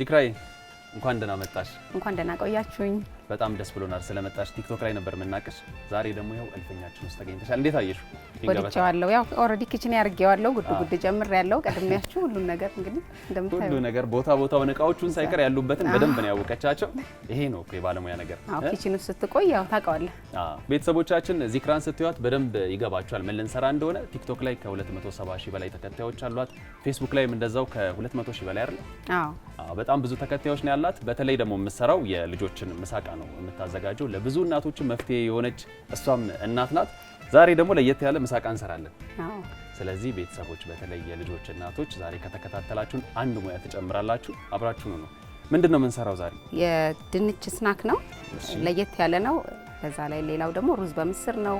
ዚክራይ እንኳን ደህና መጣሽ። እንኳን ደህና ቆያችሁኝ። በጣም ደስ ብሎናል ስለመጣሽ። ቲክቶክ ላይ ነበር የምናቅሽ፣ ዛሬ ደግሞ ያው እልፈኛችን ውስጥ ተገኝተሻል። እንዴት አየሽ? ወድቸዋለሁ። ያው ኦልሬዲ ኪችን ያርጌዋለሁ፣ ጉድ ጉድ ጀምር ያለው ያችሁ ሁሉን ነገር እንግዲህ እንደምታዩ ሁሉ ነገር ቦታ ቦታውን እቃዎቹን ሳይቀር ያሉበትን በደንብ ነው ያወቀቻቸው። ይሄ ነው እኮ የባለሙያ ነገር። አዎ ኪችን ውስጥ ስትቆይ ያው ታውቀዋለህ። አዎ ቤተሰቦቻችን ዚክራን ስትዩዋት በደንብ ይገባቸዋል ምን ልንሰራ እንደሆነ። ቲክቶክ ላይ ከ270 ሺህ በላይ ተከታዮች አሏት። ፌስቡክ ላይም እንደዛው ከ200 ሺህ በላይ አይደል? አዎ በጣም ብዙ ተከታዮች ነው ያላት። በተለይ ደግሞ የምትሰራው የልጆችን ምሳቃ ነው ነው የምታዘጋጀው። ለብዙ እናቶች መፍትሄ የሆነች እሷም እናት ናት። ዛሬ ደግሞ ለየት ያለ ምሳቃ እንሰራለን። ስለዚህ ቤተሰቦች፣ በተለይ የልጆች እናቶች ዛሬ ከተከታተላችሁን አንድ ሙያ ትጨምራላችሁ። አብራችሁ ነው። ምንድን ነው የምንሰራው ዛሬ? የድንች ስናክ ነው። ለየት ያለ ነው። በዛ ላይ ሌላው ደግሞ ሩዝ በምስር ነው።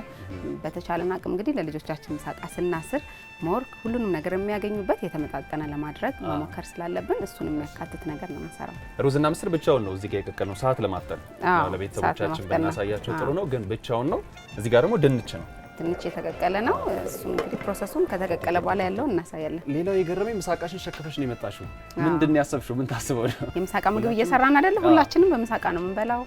በተቻለን አቅም እንግዲህ ለልጆቻችን ምሳቃ ስናስር ሞር ሁሉንም ነገር የሚያገኙበት የተመጣጠነ ለማድረግ መሞከር ስላለብን እሱን የሚያካትት ነገር ነው የምንሰራው። ሩዝና ምስር ብቻውን ነው እዚህ ጋር የቀቀልነው ሰዓት ለማጠን ለቤተሰቦቻችን ብናሳያቸው ጥሩ ነው፣ ግን ብቻውን ነው። እዚህ ጋር ደግሞ ድንች ነው ድንች የተቀቀለ ነው። እሱ እንግዲህ ፕሮሰሱን ከተቀቀለ በኋላ ያለው እናሳያለን። ሌላው የገረመኝ ምሳቃሽን ሸክፈሽ ነው የመጣሽው። ምንድን ያሰብሽው? ምን ታስበው ነው? የምሳቃ ምግብ እየሰራን አይደለ? ሁላችንም በምሳቃ ነው የምንበላው።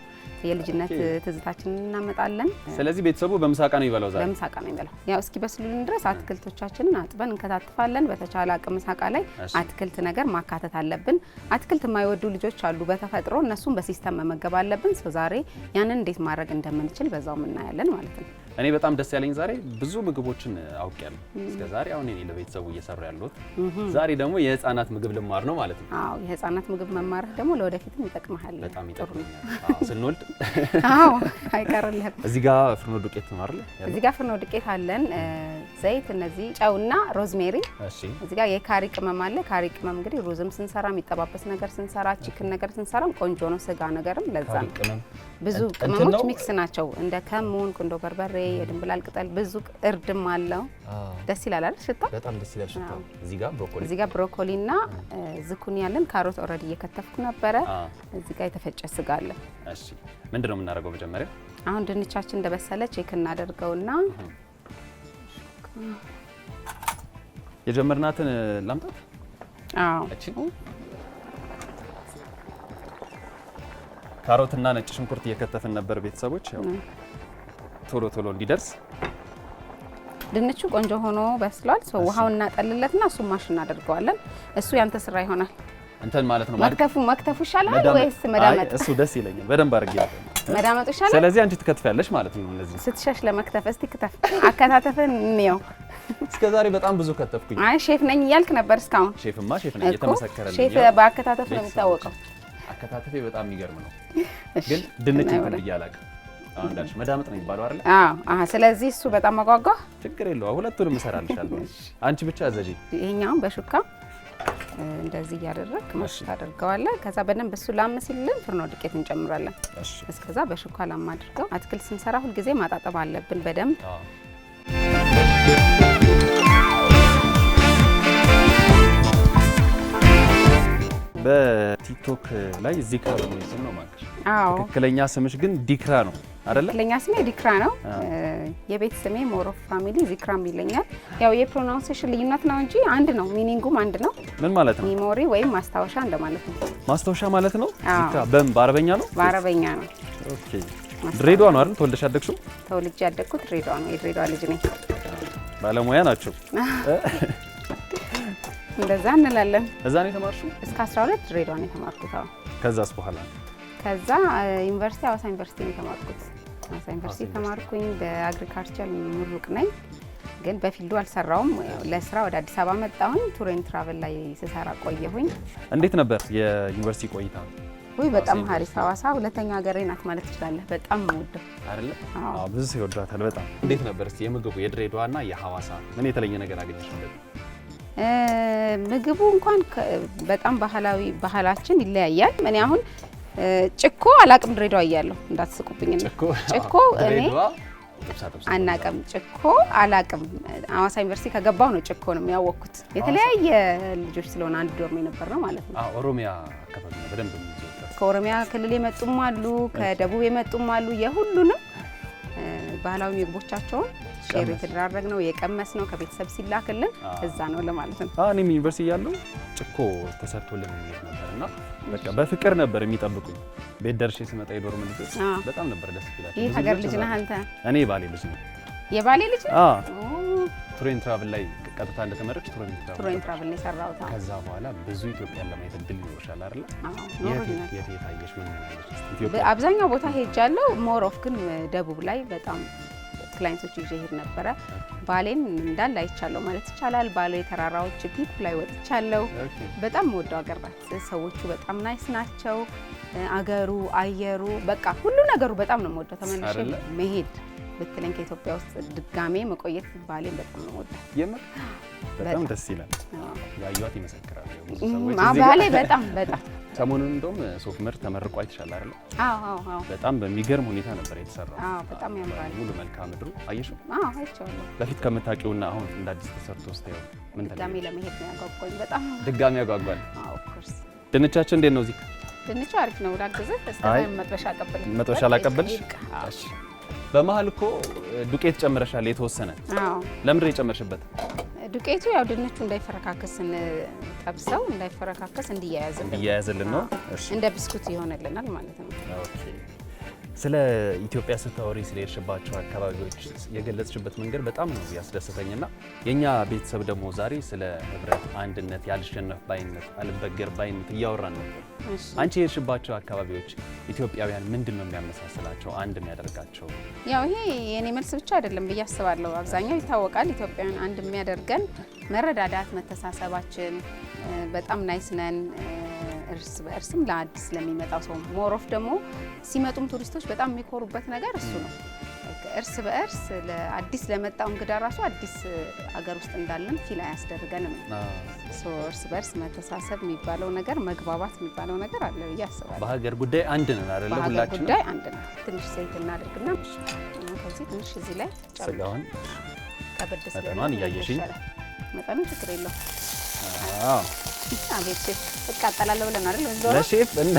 የልጅነት ትዝታችንን እናመጣለን። ስለዚህ ቤተሰቡ በምሳቃ ነው ይበላው፣ ዛሬ በምሳቃ ነው ይበላው። ያው እስኪ በስሉልን ድረስ አትክልቶቻችንን አጥበን እንከታትፋለን። በተቻለ አቅም ምሳቃ ላይ አትክልት ነገር ማካተት አለብን። አትክልት የማይወዱ ልጆች አሉ በተፈጥሮ፣ እነሱም በሲስተም መመገብ አለብን። ሰው ዛሬ ያንን እንዴት ማድረግ እንደምንችል በዛው እናያለን ማለት ነው። እኔ በጣም ደስ ያለኝ ዛሬ ብዙ ምግቦችን አውቄያለሁ። እስከ ዛሬ አሁን እኔ ለቤተሰቡ እየሰራ ያለሁት ዛሬ ደግሞ የህፃናት ምግብ ልማር ነው ማለት ነው። አዎ የህፃናት ምግብ መማርህ ደግሞ ለወደፊትም ይጠቅመሃል። በጣም ይጠቅመኛል። ስንወልድ አዎ አይቀርልህም። እዚህ ጋር ፍርኖ ዱቄት ነው እዚህ ጋር ፍርኖ ዱቄት አለን። ዘይት፣ እነዚህ ጨውና ሮዝሜሪ። እዚ ጋር የካሪ ቅመም አለ። ካሪ ቅመም እንግዲህ ሩዝም ስንሰራ የሚጠባበስ ነገር ስንሰራ፣ ቺክን ነገር ስንሰራም ቆንጆ ነው። ስጋ ነገርም ለዛ ነው። ብዙ ቅመሞች ሚክስ ናቸው። እንደ ከሙን፣ ቁንዶ በርበሬ፣ የድንብላል ቅጠል፣ ብዙ እርድም አለው። ደስ ይላል አይደል? ሽታ በጣም ደስ ይላል ሽታ እዚህ ጋር ብሮኮሊ እና ዝኩኒ ያለን ካሮት ኦልሬዲ እየከተፍኩ ነበረ። እዚህ ጋር የተፈጨ ስጋ አለ። ምንድን ነው የምናደርገው መጀመሪያ? አሁን ድንቻችን እንደበሰለ ቼክ እናደርገውና የጀመርናትን ላምጣት። ካሮትና ነጭ ሽንኩርት እየከተፍን ነበር ቤተሰቦች፣ ቶሎ ቶሎ እንዲደርስ። ድንቹ ቆንጆ ሆኖ በስሏል። ሰው ውሃውን እናጠልለትና እሱ ማሽ እናደርገዋለን። እሱ ያንተ ስራ ይሆናል። እንትን ማለት ነው መክተፉ መክተፉ ይሻላል ወይስ መዳመጥ? እሱ ደስ ይለኛል። በደንብ አድርጌ መዳመጡ ይሻላል። ስለዚህ አንቺ ትከትፊያለሽ ማለት ነው። እነዚህ ስትሸሽ ለመክተፍ እስቲ ክትፍ፣ አከታተፍን እንየው። እስከ ዛሬ በጣም ብዙ ከተፍኩኝ። አይ ሼፍ ነኝ እያልክ ነበር እስካሁን። ሼፍማ ሼፍ ነኝ፣ እየተመሰከረ ነው። ሼፍ በአከታተፍ ነው የሚታወቀው። አከታተፌ በጣም የሚገርም ነው። ግን ድንች እንትን ብዬሽ አላውቅም። አሁን እንዳልሽ መዳመጥ ነው የሚባለው አይደል? አዎ። አሃ። ስለዚህ እሱ በጣም አጓጓ ችግር የለውም። ሁለቱንም እሰራልሻለሁ። አንቺ ብቻ አዘዥኝ። ይሄኛውን በሹካ እንደዚህ እያደረግ መሽ ታደርገዋለህ። ከዛ በደንብ እሱ ላም ሲልልን ፍርኖ ዱቄት እንጨምራለን። እስከዛ በሹካ ላም አድርገው። አትክልት ስንሰራ ሁልጊዜ ማጣጠብ አለብን በደንብ በቲክቶክ ላይ ዚክራ ነው ማለት ነው ማለት። ትክክለኛ ስምሽ ግን ዲክራ ነው። አይደለ? ትክክለኛ ስሜ ዲክራ ነው። የቤት ስሜ ሞሮ ፋሚሊ ዚክራም ይለኛል። ያው የፕሮናውንሴሽን ልዩነት ነው እንጂ አንድ ነው፣ ሚኒንጉም አንድ ነው። ምን ማለት ነው? ሚሞሪ ወይም ማስታወሻ እንደማለት ነው። ማስታወሻ ማለት ነው። በም በአረበኛ ነው። በአረበኛ ነው። ኦኬ። ድሬዳዋ ነው አይደል? ተወልደሽ ያደግሽው? ተወልጄ ያደግኩት ድሬዳዋ ነው። የድሬዳዋ ልጅ ነኝ። ባለሙያ ናቸው። እንደዛ እንላለን። እዛ ነው የተማርሽው? እስከ 12 ድሬዳዋ ነው የተማርኩት። ከዛስ በኋላ? ከዛ ዩኒቨርሲቲ ሀዋሳ ዩኒቨርሲቲ ነው የተማርኩት። ሐዋሳ ዩኒቨርሲቲ ተማርኩኝ። በአግሪካልቸር ምሩቅ ነኝ፣ ግን በፊልዱ አልሰራውም። ለስራ ወደ አዲስ አበባ መጣሁኝ። ቱሬን ትራቨል ላይ ስሰራ ቆየሁኝ። እንዴት ነበር የዩኒቨርሲቲ ቆይታ? ውይ በጣም ሀሪፍ። ሐዋሳ ሁለተኛ ሀገሬ ናት ማለት ትችላለህ። በጣም ወደው አይደለ? አዎ ብዙ ሰው ይወዳታል በጣም። እንዴት ነበር እስቲ የምግቡ የድሬዳዋና የሐዋሳ ምን የተለየ ነገር አገኘሽበት? ምግቡ እንኳን በጣም ባህላዊ ባህላችን ይለያያል። እኔ አሁን ጭኮ አላቅም። ድሬዳዋ እያለሁ እንዳትስቁብኝ። ጭኮ እኔ አናቅም። ጭኮ አላቅም። አዋሳ ዩኒቨርሲቲ ከገባሁ ነው ጭኮ ነው የሚያወቅኩት። የተለያየ ልጆች ስለሆነ አንድ ዶርም የነበር ነው ማለት ነው። ኦሮሚያ አካባቢ በደንብ ከኦሮሚያ ክልል የመጡም አሉ፣ ከደቡብ የመጡም አሉ። የሁሉንም ባህላዊ ምግቦቻቸውን ሼር የተደራረግ ነው የቀመስ ነው ከቤተሰብ ሲላክልን እዛ ነው ለማለት ነው። እኔም ዩኒቨርሲቲ እያለሁ ጭኮ ተሰርቶልን የሚሄድ ነበር እና በቃ በፍቅር ነበር የሚጠብቁኝ። ቤት ደርሼ ስመጣ የዶርም ልጆች በጣም ነበር ደስ ይላቸው። ይህ ሀገር ልጅ ነህ አንተ? እኔ ባሌ ልጅ ነው። የባሌ ልጅ ቱሬን ትራቭል ላይ ቀጥታ እንደተመረቅሽ ቱሬን ትራቭል ነው የሰራሁት። ከዛ በኋላ ብዙ ኢትዮጵያን ለማየት እድል ይኖርሻል አይደል? የት የት አየሽ? አብዛኛው ቦታ ሄጃለሁ። ሞር ኦፍ ግን ደቡብ ላይ በጣም ክላይንቶች ይዤ ሄድ ነበረ። ባሌን እንዳል አይቻለሁ ማለት ይቻላል። ባሌ ተራራዎች ፒክ ላይ ወጥቻለሁ። በጣም ወደው ሀገር ናት። ሰዎቹ በጣም ናይስ ናቸው። አገሩ፣ አየሩ፣ በቃ ሁሉ ነገሩ በጣም ነው የምወደው። ተመልሼ መሄድ ብትለኝ ከኢትዮጵያ ውስጥ ድጋሜ መቆየት ባሌን በጣም ነው የምወደው። የምር በጣም ደስ ይላል። ያዩት ይመሰክራል። ባሌ በጣም በጣም ሰሞኑን እንደውም ሶፍ ምር ተመርቆ አይተሻል አይደል? አዎ አዎ። አዎ። በጣም በሚገርም ሁኔታ ነበር የተሰራው። አዎ በጣም ያምራል። ሙሉ መልክዓ ምድሩ አየሽው? አዎ አይቼዋለሁ። በፊት ከምታውቂውና አሁን እንደ አዲስ ተሰርቶ ስታየው ምን ድጋሚ ለመሄድ ነው ያጓጓኝ። በጣም ድጋሚ ያጓጓል። አዎ ኦፍ ኮርስ። ድንቻችን እንዴት ነው እዚህ? ድንቹ አሪፍ ነው። ላግዝህ? እስከ መጥበሻ አቀበልሽ? መጥበሻ ላቀበልሽ? እሺ በመሀል እኮ ዱቄት ጨምረሻል። የተወሰነ ለምንድን የጨመርሽበት? ዱቄቱ ያው ድንቹ እንዳይፈረካከስ እንጠብሰው እንዳይፈረካከስ እንዲያያዝልን ነው። እንደ ብስኩት ይሆንልናል ማለት ነው። ኦኬ ስለ ኢትዮጵያ ስታወሪ ስለሄድሽባቸው አካባቢዎች የገለጽሽበት መንገድ በጣም ነው ያስደሰተኝና የእኛ ቤተሰብ ደግሞ ዛሬ ስለ ህብረት፣ አንድነት፣ ያልሸነፍ ባይነት፣ አልበገር ባይነት እያወራን ነበር። አንቺ የሄድሽባቸው አካባቢዎች ኢትዮጵያውያን ምንድን ነው የሚያመሳስላቸው አንድ የሚያደርጋቸው? ያው ይሄ የኔ መልስ ብቻ አይደለም ብዬ አስባለሁ። አብዛኛው ይታወቃል። ኢትዮጵያውያን አንድ የሚያደርገን መረዳዳት፣ መተሳሰባችን በጣም ናይስ ነን እርስ በእርስም ለአዲስ ለሚመጣው ሰው ሞሮፍ ደግሞ ሲመጡም ቱሪስቶች በጣም የሚኮሩበት ነገር እሱ ነው። እርስ በእርስ ለአዲስ ለመጣው እንግዳ ራሱ አዲስ አገር ውስጥ እንዳለን ፊል አያስደርገንም። እርስ በእርስ መተሳሰብ የሚባለው ነገር መግባባት የሚባለው ነገር አለ ብዬ አስባለሁ። በሀገር ጉዳይ አንድ ነን አይደለ? ሁላችን ጉዳይ አንድ ነን። ትንሽ ዘይት እናድርግና ከዚህ ትንሽ እዚህ ላይ ስጋውን መጠኗን እያየሽኝ መጠኑ ችግር የለው። አቤት ሴት እቃጠላለሁ ብለን አይደል? ለሼፍ እና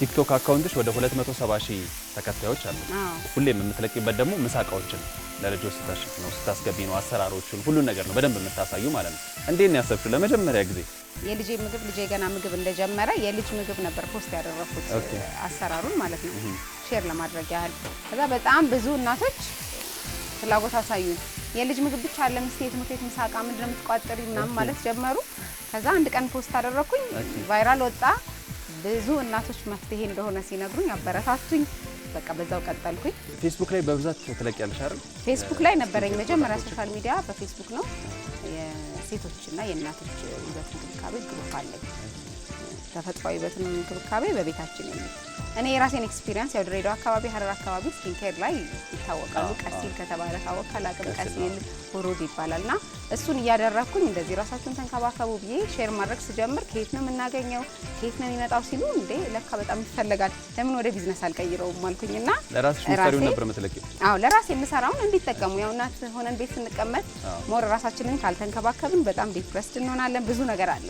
ቲክቶክ አካውንትሽ ወደ 270 ሺህ ተከታዮች አሉ። ሁሌም የምትለቂበት ደግሞ ምሳ እቃዎችን ለልጆች ስታሽፍ ነው ስታስገቢ ነው ሁሉን ነገር ነው በደንብ የምታሳዩ ማለት ነው። እንዴት ነው ያሰብሽው ለመጀመሪያ ጊዜ? የልጄ ምግብ ልጄ ገና ምግብ እንደጀመረ የልጅ ምግብ ነበር ፖስት ያደረኩት አሰራሩን ማለት ነው ሼር ለማድረግ ያህል። ከዛ በጣም ብዙ እናቶች ፍላጎት አሳዩኝ። የልጅ ምግብ ብቻ አለ ምስቴ ትምህርት ቤት ምሳ እቃ ምንድን ነው የምትቋጥሪ ምናምን ማለት ጀመሩ። ከዛ አንድ ቀን ፖስት አደረኩኝ፣ ቫይራል ወጣ። ብዙ እናቶች መፍትሄ እንደሆነ ሲነግሩኝ አበረታቱኝ። በቃ በዛው ቀጠልኩኝ። ፌስቡክ ላይ በብዛት ያለሽ አይደል? ፌስቡክ ላይ ነበረኝ መጀመሪያ። ሶሻል ሚዲያ በፌስቡክ ነው። የሴቶችና የእናቶች ይዘት እንክብካቤ ግሩፕ አለኝ። ተፈጥሯዊ በትን እንክብካቤ በቤታችን የሚ እኔ የራሴን ኤክስፒሪንስ ያው ድሬዳዋ አካባቢ ሀረር አካባቢ ስኪን ኬር ላይ ይታወቃሉ። ቀሲል ከተባለ ታወቅ አላቅም ቀሲል ቦሮድ ይባላል እና እሱን እያደረግኩኝ እንደዚህ ራሳችሁን ተንከባከቡ ብዬ ሼር ማድረግ ስጀምር ከየት ነው የምናገኘው ከየት ነው የሚመጣው ሲሉ እንዴ ለካ በጣም ይፈለጋል፣ ለምን ወደ ቢዝነስ አልቀይረውም አልኩኝና ለራሴ የምሰራውን እንዲጠቀሙ ያው እናት ሆነን ቤት ስንቀመጥ ሞር ራሳችንን ካልተንከባከብን በጣም ዲፕረስድ እንሆናለን። ብዙ ነገር አለ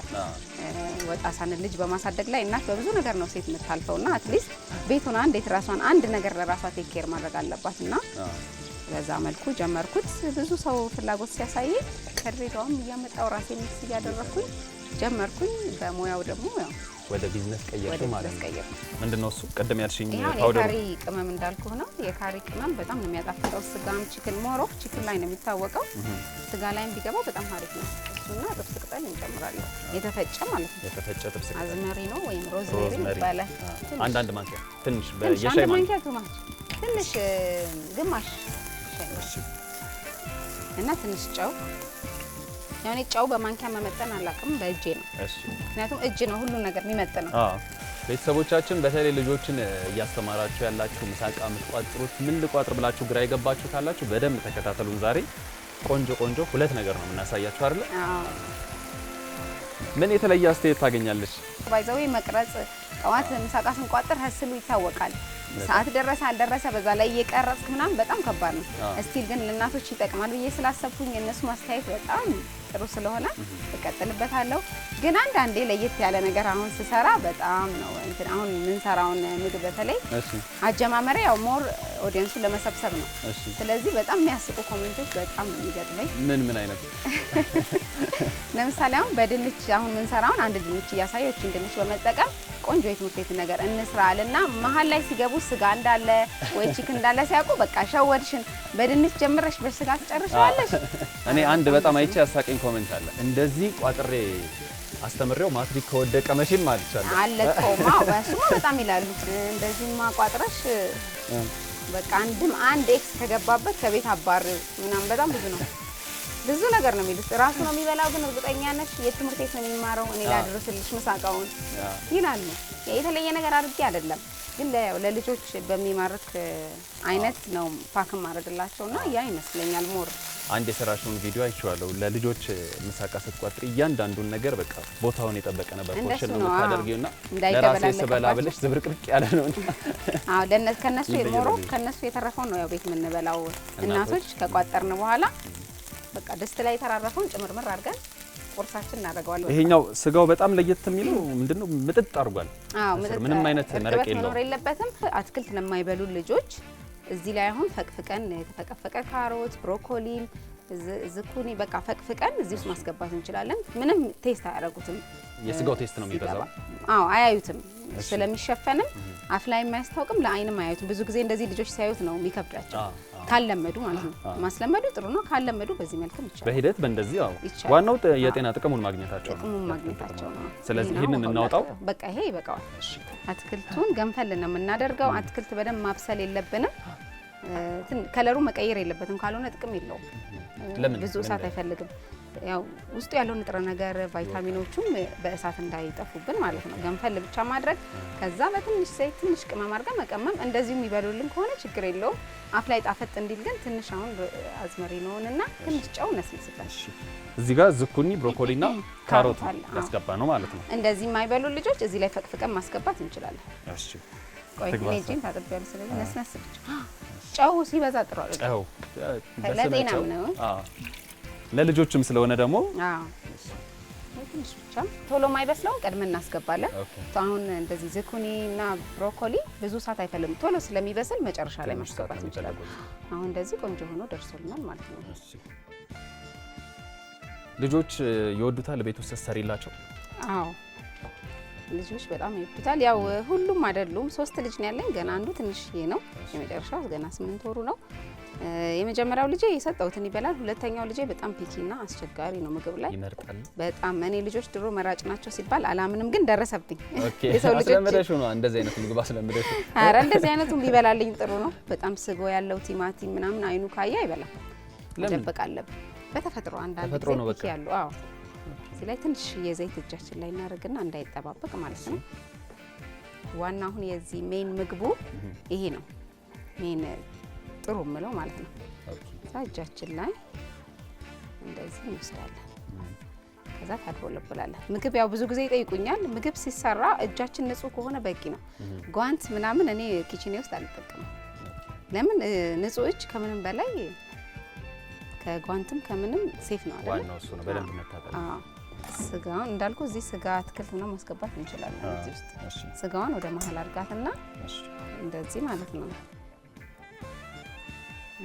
ወጣሳንን ልጅ በማሳደግ ላይ እናት በብዙ ነገር ነው ሴት የምታልፈው እና አትሊስት ቤቱን እንዴት ራሷን አንድ ነገር ለራሷ ቴክ ኬር ማድረግ አለባት እና በዛ መልኩ ጀመርኩት። ብዙ ሰው ፍላጎት ሲያሳይ ከድሬዳዋም እያመጣው ራሴ ሚክስ እያደረግኩኝ ጀመርኩኝ። በሙያው ደግሞ ያው ወደ ቢዝነስ ቀየርኩ ማለት ነው። ምንድን ነው እሱ? ቀደም ያልሽኝ የካሪ ቅመም እንዳልኩ ነው። የካሪ ቅመም በጣም ነው የሚያጣፍጠው። ስጋም ችክን ሞሮ ችክን ላይ ነው የሚታወቀው። ስጋ ላይም ቢገባ በጣም አሪፍ ነው። እና ጥብስ ቅጠል እንጨምራለን። የተፈጨ ማለት ነው። የተፈጨ ጥብስ ቅጠል አዝመሪ ነው ወይም ሮዝሜሪ ይባላል። አንዳንድ ማንኪያ ትንሽ በየሻይ ማንኪያ ግማሽ ትንሽ ግማሽ እና ትንሽ ጨው። ያኔ ጨው በማንኪያ መመጠን አላውቅም፣ በእጄ ነው። ምክንያቱም እጅ ነው ሁሉ ነገር የሚመጥ ነው። ቤተሰቦቻችን በተለይ ልጆችን እያስተማራችሁ ያላችሁ ምሳቃ የምትቋጥሩት ምን ልቋጥር ብላችሁ ግራ የገባችሁ ካላችሁ በደንብ ተከታተሉን ዛሬ ቆንጆ ቆንጆ ሁለት ነገር ነው የምናሳያችሁ አይደል? ምን የተለየ አስተያየት ታገኛለች? ባይዘዌ መቅረጽ ጠዋት ምሳቃ ስንቋጥር ህስሉ ይታወቃል። ሰዓት ደረሰ አልደረሰ በዛ ላይ እየቀረጽክ ምናምን በጣም ከባድ ነው። እስቲል ግን ለእናቶች ይጠቅማል ብዬ ስላሰብኩኝ የእነሱ ማስተያየት በጣም ጥሩ ስለሆነ እቀጥልበታለሁ። ግን አንዳንዴ ለየት ያለ ነገር አሁን ስሰራ በጣም ነው እንትን አሁን የምንሰራውን ምግብ በተለይ አጀማመሪያ ያው ሞር ኦዲየንሱን ለመሰብሰብ ነው። ስለዚህ በጣም የሚያስቁ ኮሜንቶች በጣም የሚገጥመኝ። ምን ምን አይነት ለምሳሌ አሁን በድንች አሁን የምንሰራውን አንድ ድንች እያሳየችን ድንች በመጠቀም ቆንጆ የትምህርት ቤት ነገር እና መሀል ላይ ሲገቡ ስጋ እንዳለ ወይ ቺክ እንዳለ ሲያውቁ በቃ ሸወድሽን በድንች ጀምረሽ በስጋ ትጨርሻለሽ። እኔ አንድ በጣም አይቼ ያሳቀኝ ኮመንት አለ እንደዚህ ቋጥሬ አስተምሬው ማትሪክ ከወደቀ መቼም አልቻለሁ አለቀውማ። በሱማ በጣም ይላሉ። እንደዚህ ማቋጥረሽ በቃ አንድም አንድ ኤክስ ከገባበት ከቤት አባር ምናምን በጣም ብዙ ነው። ብዙ ነገር ነው የሚሉት። ራሱ ነው የሚበላው፣ ግን እርግጠኛ ነሽ የትምህርት ቤት ነው የሚማረው፣ እኔ ላድርስልሽ ምሳቃውን ይላሉ። የተለየ ነገር አድርጌ አይደለም፣ ግን ለልጆች በሚማርክ አይነት ነው ፓክም ማድረግላቸው እና ያ ይመስለኛል ሞር አንድ የሰራሽውን ቪዲዮ አይቼዋለሁ። ለልጆች ምሳቃ ስትቋጥሪ እያንዳንዱን ነገር በቃ ቦታውን የጠበቀ ነበር። ኮሽን ነው የምታደርጊውና ለራሴ ስበላ ብለሽ ዝብርቅርቅ ያለ ነው። አዎ ለነ ከነሱ የሞሮ ከነሱ የተረፈው ነው ያው ቤት የምንበላው እናቶች ከቋጠርን በኋላ በቃ ድስት ላይ የተራረፈውን ጭምርምር አድርገን ቁርሳችን እናደርገዋለን። ይሄኛው ስጋው በጣም ለየት የሚለው ምንድነው? ምጥጥ አድርጓል። ምንም አይነት መረቅ መኖር የለበትም። አትክልት ለማይበሉ ልጆች እዚህ ላይ አሁን ፈቅፍቀን የተፈቀፈቀ ካሮት፣ ብሮኮሊም፣ ዝኩኒ በቃ ፈቅፍቀን እዚህ ውስጥ ማስገባት እንችላለን። ምንም ቴስት አያደርጉትም። የስጋው ቴስት ነው የሚበዛው። አዎ አያዩትም ስለሚሸፈንም አፍ ላይ የማያስታውቅም ለአይንም አያዩትም። ብዙ ጊዜ እንደዚህ ልጆች ሲያዩት ነው የሚከብዳቸው። ካለመዱ ማለት ነው። ማስለመዱ ጥሩ ነው። ካለመዱ በዚህ መልክም ይቻላል፣ በሂደት በእንደዚህ አዎ። ዋናው የጤና ጥቅሙን ማግኘታቸው ነው፣ ጥቅሙን ማግኘታቸው ነው። ስለዚህ ይህንን እናውጣው። በቃ ይሄ ይበቃዋል። አትክልቱን ገንፈል ነው የምናደርገው። አትክልት በደንብ ማብሰል የለብንም። ከለሩ መቀየር የለበትም፣ ካልሆነ ጥቅም የለውም። ብዙ እሳት አይፈልግም። ያው ውስጡ ያለው ንጥረ ነገር ቫይታሚኖቹም በእሳት እንዳይጠፉብን ማለት ነው። ገንፈል ብቻ ማድረግ ከዛ በትንሽ ዘይት ትንሽ ቅመም አድርገን መቀመም። እንደዚሁ የሚበሉልን ከሆነ ችግር የለውም። አፍ ላይ ጣፈጥ እንዲል ግን ትንሽ አሁን አዝመሪ ነውንና ትንሽ ጨው ነስንስበት። እዚህ ጋር ዝኩኒ፣ ብሮኮሊ ና ካሮት ያስገባ ነው ማለት ነው። እንደዚህ የማይበሉ ልጆች እዚህ ላይ ፈቅፍቀን ማስገባት እንችላለን። እሺ ቆይ ስለዚህ ነስነስ ብቻ ጨው ሲበዛ ጥሩ አይደለም። ለጤናም ነው። ለልጆችም ስለሆነ ደግሞ ቶሎ ማይበስለው ቀድመን እናስገባለን። አሁን እንደዚህ ዝኩኒ እና ብሮኮሊ ብዙ ሰዓት አይፈልም ቶሎ ስለሚበስል መጨረሻ ላይ ማስገባት እንችላለን። አሁን እንደዚህ ቆንጆ ሆኖ ደርሶልናል ማለት ነው። ልጆች ይወዱታል። ቤት ውስጥ ሰሪላቸው? አዎ ልጆች በጣም ይወዱታል። ያው ሁሉም አይደሉም። ሶስት ልጅ ነው ያለኝ። ገና አንዱ ትንሽዬ ነው። የመጨረሻው ገና ስምንት ወሩ ነው። የመጀመሪያው ልጄ የሰጠውትን ይበላል። ሁለተኛው ልጄ በጣም ፒኪና አስቸጋሪ ነው ምግብ ላይ ይመርጣል። በጣም እኔ ልጆች ድሮ መራጭ ናቸው ሲባል አላምንም፣ ግን ደረሰብኝ። የሰው ልጆች አስለምደሽ ነው እንደዚህ አይነት ምግብ አስለምደሽ። ኧረ እንደዚህ አይነቱም ቢበላልኝ ጥሩ ነው። በጣም ስጎ ያለው ቲማቲም ምናምን አይኑ ካየ ይበላል። መደበቅ አለብን በተፈጥሮ አንዳንድ ጊዜ ያሉ አዎ፣ እዚህ ላይ ትንሽ የዘይት እጃችን ላይ እናደርግና እንዳይጠባበቅ ማለት ነው። ዋና አሁን የዚህ ሜን ምግቡ ይሄ ነው ሜን ጥሩ ምለው ማለት ነው። ከዛ እጃችን ላይ እንደዚህ እንወስዳለን። ከዛ ታድቦለብላለን። ምግብ ያው ብዙ ጊዜ ይጠይቁኛል። ምግብ ሲሰራ እጃችን ንጹህ ከሆነ በቂ ነው። ጓንት ምናምን እኔ ኪችኔ ውስጥ አልጠቀምም። ለምን ንጹህ እጅ ከምንም በላይ ከጓንትም ከምንም ሴፍ ነው አይደል? ስጋውን እንዳልኩ እዚህ ስጋ አትክልት ምናምን ማስገባት እንችላለን። እዚህ ውስጥ ስጋውን ወደ መሀል አድርጋትና እንደዚህ ማለት ነው።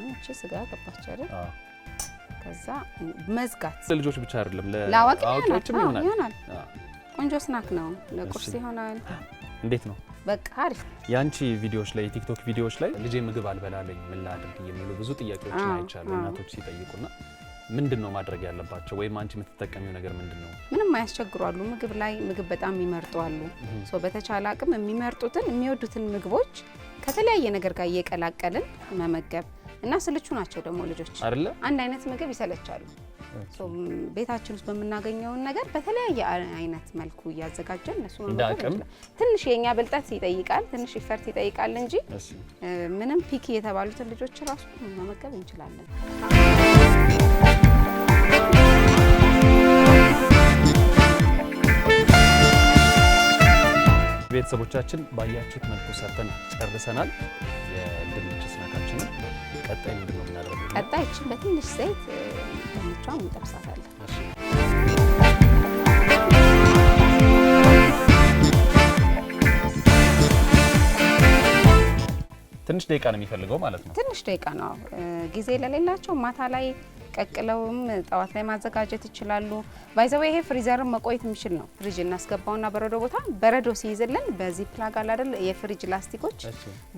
እቺ ስጋ ገባች አይደል? ከዛ መዝጋት ለልጆች ብቻ አይደለም ለአዋቂዎችም ይሆናል። ቆንጆ ስናክ ነው፣ ለቁርስ ይሆናል። እንዴት ነው? በቃ አሪፍ። የአንቺ ቪዲዮዎች ላይ የቲክቶክ ቪዲዮዎች ላይ ልጄ ምግብ አልበላለኝ ምን ላድርግ የሚሉ ብዙ ጥያቄዎችን አይቻሉ እናቶች ሲጠይቁና ምንድን ነው ማድረግ ያለባቸው ወይም አንቺ የምትጠቀሚው ነገር ምንድን ነው? ምንም አያስቸግሯሉ። ምግብ ላይ ምግብ በጣም የሚመርጡ አሉ። በተቻለ አቅም የሚመርጡትን የሚወዱትን ምግቦች ከተለያየ ነገር ጋር እየቀላቀልን መመገብ እና ስልቹ ናቸው ደግሞ ልጆች አይደለ አንድ አይነት ምግብ ይሰለቻሉ። ቤታችን ውስጥ በምናገኘውን ነገር በተለያየ አይነት መልኩ እያዘጋጀን እነሱ ትንሽ የኛ ብልጠት ይጠይቃል፣ ትንሽ ኢፈርት ይጠይቃል እንጂ ምንም ፒክ የተባሉትን ልጆች ራሱ መመገብ እንችላለን። ቤተሰቦቻችን ባያችሁት መልኩ ሰርተን ጨርሰናል። ቀጣይ ምንድን ነው የምናደርገው? ቀጣይ እችን በትንሽ ዘይት ምቿ እንጠብሳታለን። ትንሽ ደቂቃ ነው የሚፈልገው ማለት ነው። ትንሽ ደቂቃ ነው ጊዜ ለሌላቸው ማታ ላይ ቀቅለውም ጠዋት ላይ ማዘጋጀት ይችላሉ። ባይዘው ይሄ ፍሪዘርን መቆየት የሚችል ነው። ፍሪጅ እናስገባውና በረዶ ቦታ በረዶ ሲይዝልን በዚህ ፕላግ አለ አይደል? የፍሪጅ ላስቲኮች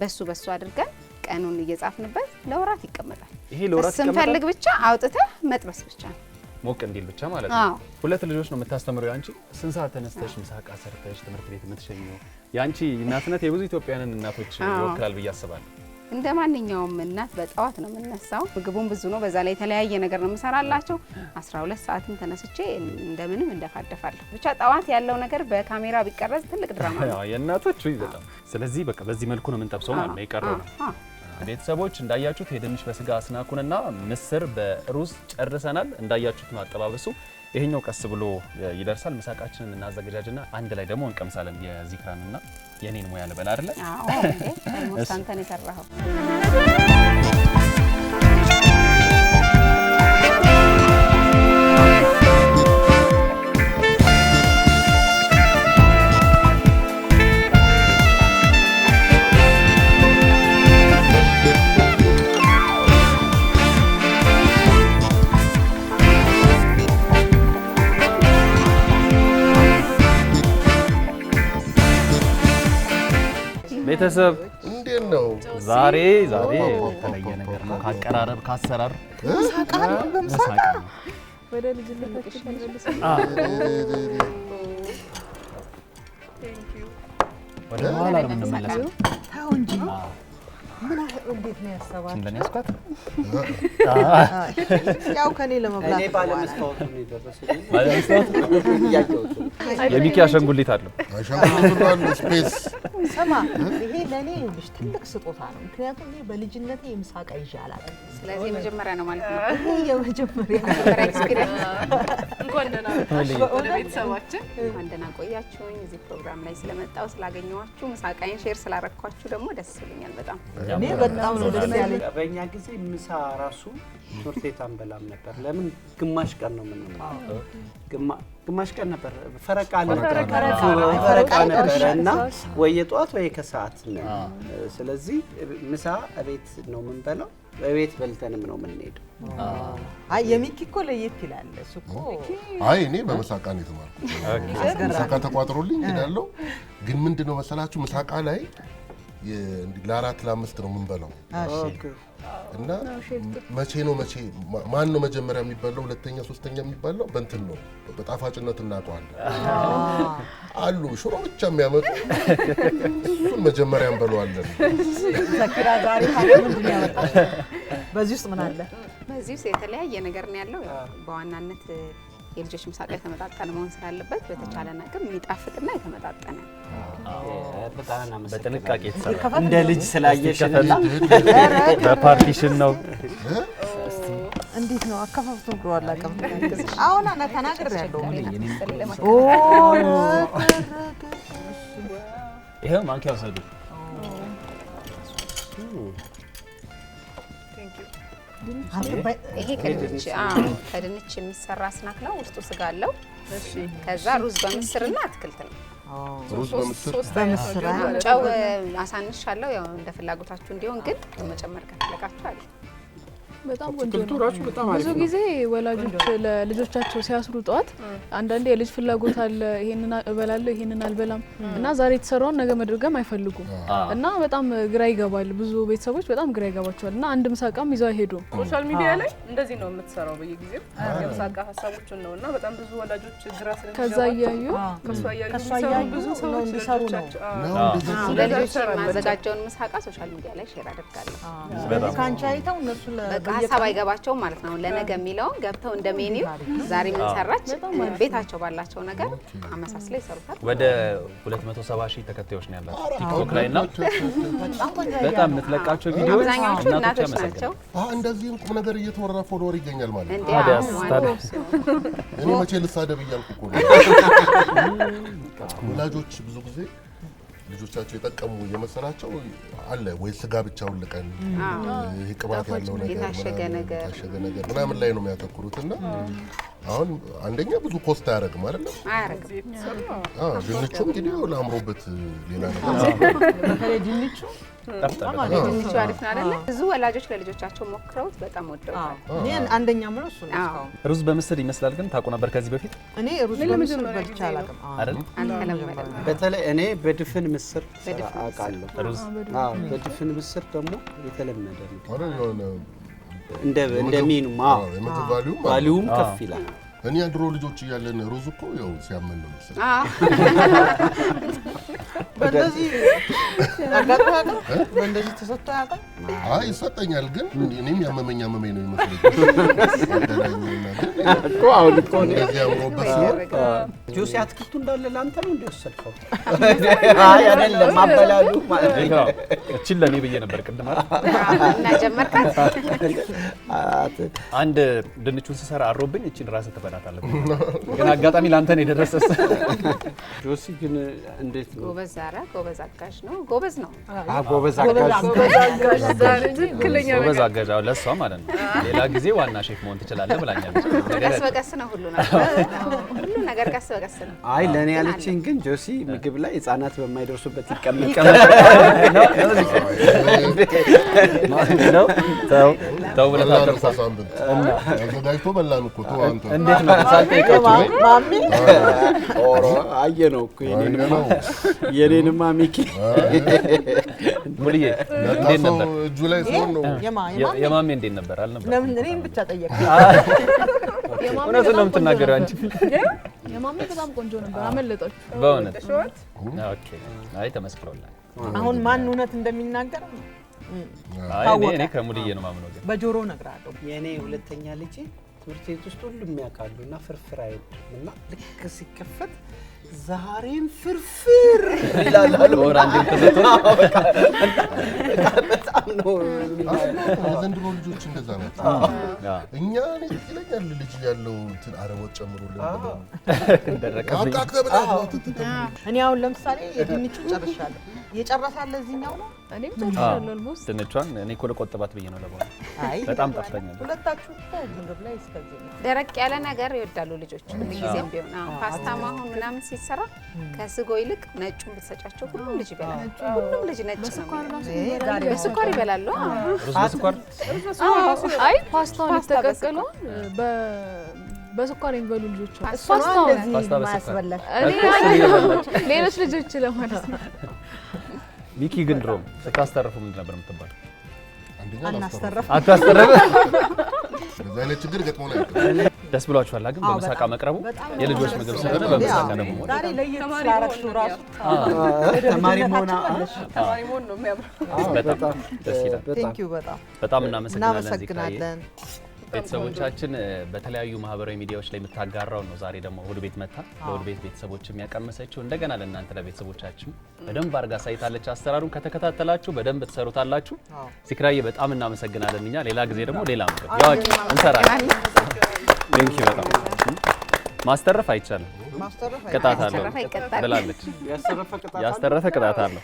በሱ በሱ አድርገን ቀኑን እየጻፍንበት ለወራት ይቀመጣል። ይሄ ለወራት ይቀመጣል። ስንፈልግ ብቻ አውጥተህ መጥበስ ብቻ ነው ሞቅ እንዲል ብቻ ማለት ነው። ሁለት ልጆች ነው የምታስተምረው ያንቺ ስንት ሰዓት ተነስተሽ ምሳቃ ሰርተሽ ትምህርት ቤት የምትሸኘው? ያንቺ እናትነት የብዙ ኢትዮጵያውያንን እናቶች ይወክላል ብዬ አስባለሁ። እንደ ማንኛውም እናት በጠዋት ነው የምነሳው። ምግቡን ብዙ ነው፣ በዛ ላይ የተለያየ ነገር ነው የምሰራላቸው። 12 ሰዓትም ተነስቼ እንደምንም እንደፋደፋለሁ። ብቻ ጠዋት ያለው ነገር በካሜራ ቢቀረጽ ትልቅ ድራማ ነው የእናቶች። ስለዚህ በቃ በዚህ መልኩ ነው የምንጠብሰው ማለት ነው የቀረው ነው ቤተሰቦች እንዳያችሁት የድንች በስጋ አስናኩንና ምስር በሩዝ ጨርሰናል። እንዳያችሁት ነው አጠባበሱ። ይሄኛው ቀስ ብሎ ይደርሳል። ምሳቃችንን እናዘገጃጅና አንድ ላይ ደግሞ እንቀምሳለን። የዚክራንና የኔን ሙያ ልበል አይደለ? አዎ፣ እንዴ አንተን የሰራኸው ቤተሰብ እንዴት ነው? ዛሬ ዛሬ የተለየ ነገር ነው። ካቀራረብ ካሰራር ወደ ልጅነታችን ወደ ኋላ ነው የምንመለሰው። እንዴት ነው ያሰባችሁ? እንደኔ ያስኳት ያው ከኔ ለመብላት የሚኪ አሸንጉሊት አለው። ስማ ይሄ ለእኔ ይኸውልሽ ትልቅ ስጦታ ነው። ምክንያቱም በልጅነቴ የምሳቃ ይዤ አላውቅም። ስለዚህ የመጀመሪያ ነው ማለት ነው። ይሄ የመጀመሪያ ቤተሰባችን እንኳን ደህና ቆያችሁኝ። እዚህ ፕሮግራም ላይ ስለመጣሁ ስላገኘኋችሁ፣ ምሳቃይን ሼር ስላረኳችሁ ደግሞ ደስ ብሎኛል በጣም እኔ በጣም ነው ደስ ያለኝ። በእኛ ጊዜ ምሳ ራሱ ትምህርት ቤት አንበላም ነበር። ለምን ግማሽ ቀን ነው የምንማረው፣ ግማሽ ቀን ነበር ፈረቃ ፈረቃ ነበረ እና ወይ የጠዋት ወይ ከሰዓት ነው። ስለዚህ ምሳ እቤት ነው የምንበላው፣ በቤት በልተንም ነው የምንሄደው። አይ የሚኪ እኮ ለየት ይላል እሱ እኮ። አይ እኔ ነው የተማርኩት። ተቋጥሮልኝ እሄዳለሁ። ግን መሰላችሁ ምሳቃ ላይ ለአራት ለአምስት ነው የምንበላው እና መቼ ነው መቼ ማን ነው መጀመሪያ የሚበላው ሁለተኛ ሶስተኛ የሚበላው በእንትን ነው በጣፋጭነት እናውቀዋለን አሉ ሽሮ ብቻ የሚያመጡ እሱን መጀመሪያ እንበለዋለን በዚህ ውስጥ ምን አለ በዚህ ውስጥ የተለያየ ነገር ነው ያለው በዋናነት የልጆች ምሳቃ የተመጣጠነ መሆን ስላለበት በተቻለን አቅም የሚጣፍጥና የተመጣጠነ በጥንቃቄ የተሰራ እንደ ልጅ ስላየሽና በፓርቲሽን ነው። እንዴት ነው አከፋፍቶ ብሎ አላውቅም። አሁን አና ተናግር ያለው ይሄ ማንኪያ ውሰዱ። ይሄ ከድንች ከድንች የሚሰራ ስናክ ነው። ውስጡ ስጋ አለው። ከዛ ሩዝ በምስርና አትክልት ነው። ጨው አሳንሻለሁ፣ ያው እንደ ፍላጎታችሁ እንዲሆን ግን መጨመር ከፈለጋችሁ አለ በጣም ብዙ ጊዜ ወላጆች ለልጆቻቸው ሲያስሩ ጠዋት አንዳንዴ የልጅ ፍላጎት አለ። ይሄንን እበላለሁ፣ ይሄንን አልበላም እና ዛሬ የተሰራውን ነገ መድርገም አይፈልጉም እና በጣም ግራ ይገባል። ብዙ ቤተሰቦች በጣም ግራ ይገባቸዋል እና አንድ ምሳቃም ይዘው አይሄዱም። ሶሻል ሚዲያ ላይ እንደዚህ ነው የምትሰራው የምሳቃ ሀሳቦችን ነው እና በጣም ብዙ ወላጆች ግራ ከዛ እያዩ ብዙ እንዲሰሩ ነው ለልጆች ምሳቃ ሶሻል ሚዲያ ላይ ሼር አደርጋለሁ ከአንቺ አይተው እነሱ ሀሳብ አይገባቸውም ማለት ነው። ለነገ የሚለውን ገብተው እንደ ሜኒው ዛሬ የምንሰራች ቤታቸው ባላቸው ነገር አመሳስለው ይሰሩታል። ወደ 270 ሺህ ተከታዮች ነው ያላቸው ቲክቶክ ላይ እና በጣም የምትለቃቸው ቪዲዮ አብዛኛዎቹ እናቶች ናቸው። እንደዚህም ቁም ነገር እየተወራ ፎሎወር ይገኛል ማለት ነው። እኔ መቼ ልሳደብ እያልኩ እኮ ነው። ወላጆች ብዙ ጊዜ ልጆቻቸው የጠቀሙ የመሰላቸው አለ ወይ ስጋ ብቻ ውልቀን ይህ ቅባት ያለው ነገር ነገር ምናምን ላይ ነው የሚያተኩሩት እና አሁን አንደኛ ብዙ ኮስት አያደርግም አይደለም። ድንቹ እንግዲህ ለአምሮበት ሌላ ነገር በተለይ ድንቹ ብዙ ወላጆች ለልጆቻቸው ሞክረውት በጣም ወደውታል። አንደኛ ምሎ እሱ ነው። ሩዝ በምስር ይመስላል ግን ታውቁ ነበር ከዚህ በፊት? እኔ ሩዝ በምስር በልቼ አላውቅም። በተለይ እኔ በድፍን ምስር አውቃለሁ። በድፍን ምስር ደግሞ የተለመደ ነው እንደ ሜኑም ቫሊዩም ከፍ ይላል። እኔ ያድሮ ልጆች እያለን ሩዝ እኮ ያው ሲያመን ነው መሰለኝ። በእንደዚህ በእንደዚህ ተሰጥቶ ያውቃል? አይ ይሰጠኛል፣ ግን እኔም ያመመኝ ያመመኝ ነው ይመስለኝ አሁን አምሮበት ሲሆን ጁስ አትክልቱ እንዳለ ለአንተ ነው እንደወሰድከው? አይደለም፣ አበላሉ ማለት እችን ለእኔ ብዬ ነበር ቅድም እና ጀመርካት። አንድ ድንቹን ስሰራ አሮብኝ እችን ራስህ ትበላ መምጣት አለብን። ግን አጋጣሚ ለአንተ ነው የደረሰስ። ጆሲ ግን እንዴት ነው? ጎበዝ ዛራ፣ ጎበዝ አጋዥ ነው። ጎበዝ ነው። ጎበዝ አጋዥ ለእሷ ማለት ነው። ሌላ ጊዜ ዋና ሼፍ መሆን ትችላለህ ብላኛለች። ቀስ በቀስ ነው ሁሉ ሁሉ ነገር ቀስ በቀስ ነው። አይ ለእኔ ያለችኝ ግን ጆሲ ምግብ ላይ ህጻናት በማይደርሱበት ይቀመጥ ነው ተው ብለህ ታደርሳለህ። ተዘጋጅቶ በላን እኮ ተው አንተ እንዴት ነው ሳልጠይቃችሁ አየ ነው እኮ ሙልዬ እንዴት ነበር? እጁ ላይ ሲሆን ነው የማሜ እንዴት ነበር አልነበር? ብቻ እውነቱን ነው የምትናገረው አንቺ። በጣም ቆንጆ ነበር። አመለጠች በእውነት ኦኬ። አይ ተመስክሮላል። አሁን ማን እውነት እንደሚናገር እኔ ከሙልዬ ነው የማምነው፣ ግን በጆሮ እነግርሃለሁ። የእኔ ሁለተኛ ልጅ ትምህርት ቤት ውስጥ ሁሉም ያውቃሉ እና ፍርፍር አይወድም እና ልክ ሲከፈት ዛሬም ፍርፍር ይላል። በጣም ነው ዘንድሮ ልጆች እንደዛ ናቸው። እኛ ይለኛል ልጅ ያለው እንትን አረቦት ጨምሮልን እኔ አሁን ለምሳሌ የድንቹ ጨርሻለሁ የጨረሳለ እዚህኛው ነው። እኔም ጨርሻለሁ። ልሙስ ድንቿን እኔ እኮ ልቆጥባት ብዬ ነው ለበኋላ። በጣም ጣፍተኛል። ሁለታችሁ ምግብ ላይ እስከዚህ ደረቅ ያለ ነገር ይወዳሉ ልጆች ምንጊዜም ቢሆን። ፓስታም አሁን ምናምን ሲሰራ ከስጎ ይልቅ ነጩን ብትሰጫቸው ሁሉም ልጅ ይበላል። ሁሉም ልጅ ነጭ ነው። በስኳር ይበላሉ። አይ ፓስታውን የተቀቀለ በስኳር የሚበሉ ልጆች ፓስታ ሌሎች ልጆች ለማለት ነው ቢኪ ግን ድሮም ስታስተርፉ ምንድን ነበር የምትባል? ደስ ብሏችኋል? ግን በምሳቃ መቅረቡ የልጆች ምግብ ስለሆነ በምሳቃ ደግሞ በጣም ደስ ይላል። በጣም እናመሰግናለን። ቤተሰቦቻችን በተለያዩ ማህበራዊ ሚዲያዎች ላይ የምታጋራው ነው። ዛሬ ደግሞ እሑድ ቤት መታ ለእሑድ ቤት ቤተሰቦችም ያቀመሰችው እንደገና ለእናንተ ለቤተሰቦቻችን በደንብ አድርጋ አሳይታለች። አሰራሩን ከተከታተላችሁ በደንብ ትሰሩታላችሁ። ሲክራዬ በጣም እናመሰግናለን። እኛ ሌላ ጊዜ ደግሞ ሌላ ምግብ ያዋጭ እንሰራለን። በጣም ማስተረፍ አይቻልም። ቅጣት አለው ብላለች። ያስተረፈ ቅጣት አለው።